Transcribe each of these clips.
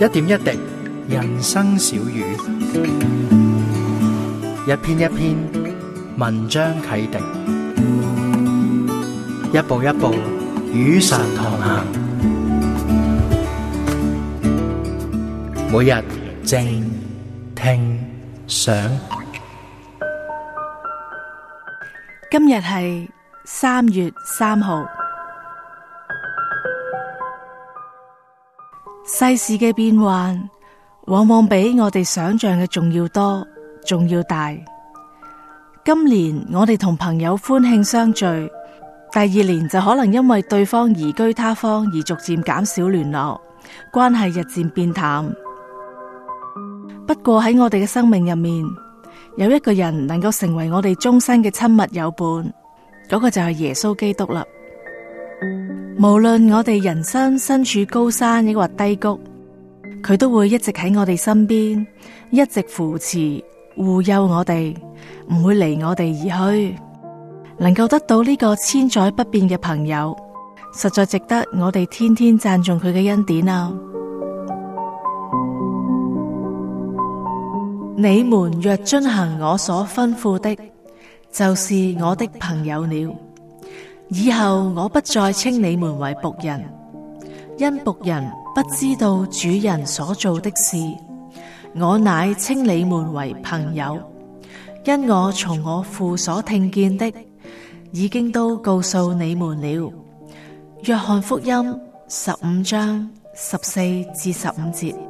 一點一滴，人生小語；一篇一篇，文章啟迪；一步一步，雨傘同行。每日靜聽想，今日係三月三號。世事嘅變幻，往往比我哋想象嘅仲要多，仲要大。今年我哋同朋友歡慶相聚，第二年就可能因為對方移居他方而逐漸減少聯絡，關係日漸變淡。不過喺我哋嘅生命入面，有一個人能夠成為我哋終身嘅親密友伴，嗰、那個就係耶穌基督啦。無論我哋人生身處高山抑或低谷，佢都會一直喺我哋身邊，一直扶持護佑我哋，唔會離我哋而去。能夠得到呢個千載不變嘅朋友，實在值得我哋天天讚頌佢嘅恩典啊！你們若遵行我所吩咐的，就是我的朋友了。以後我不再稱你們為僕人，因僕人不知道主人所做的事；我乃稱你們為朋友，因我從我父所聽見的，已經都告訴你們了。約翰福音十五章十四至十五節。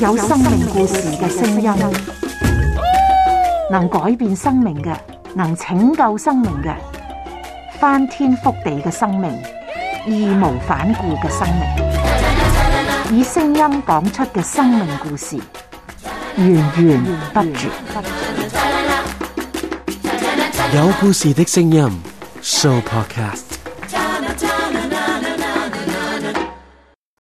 有生命故事嘅聲音，能改變生命嘅，能拯救生命嘅，翻天覆地嘅生命，義無反顧嘅生命，以聲音講出嘅生命故事，源源不絕。有故事嘅聲音，Sooo Podcast。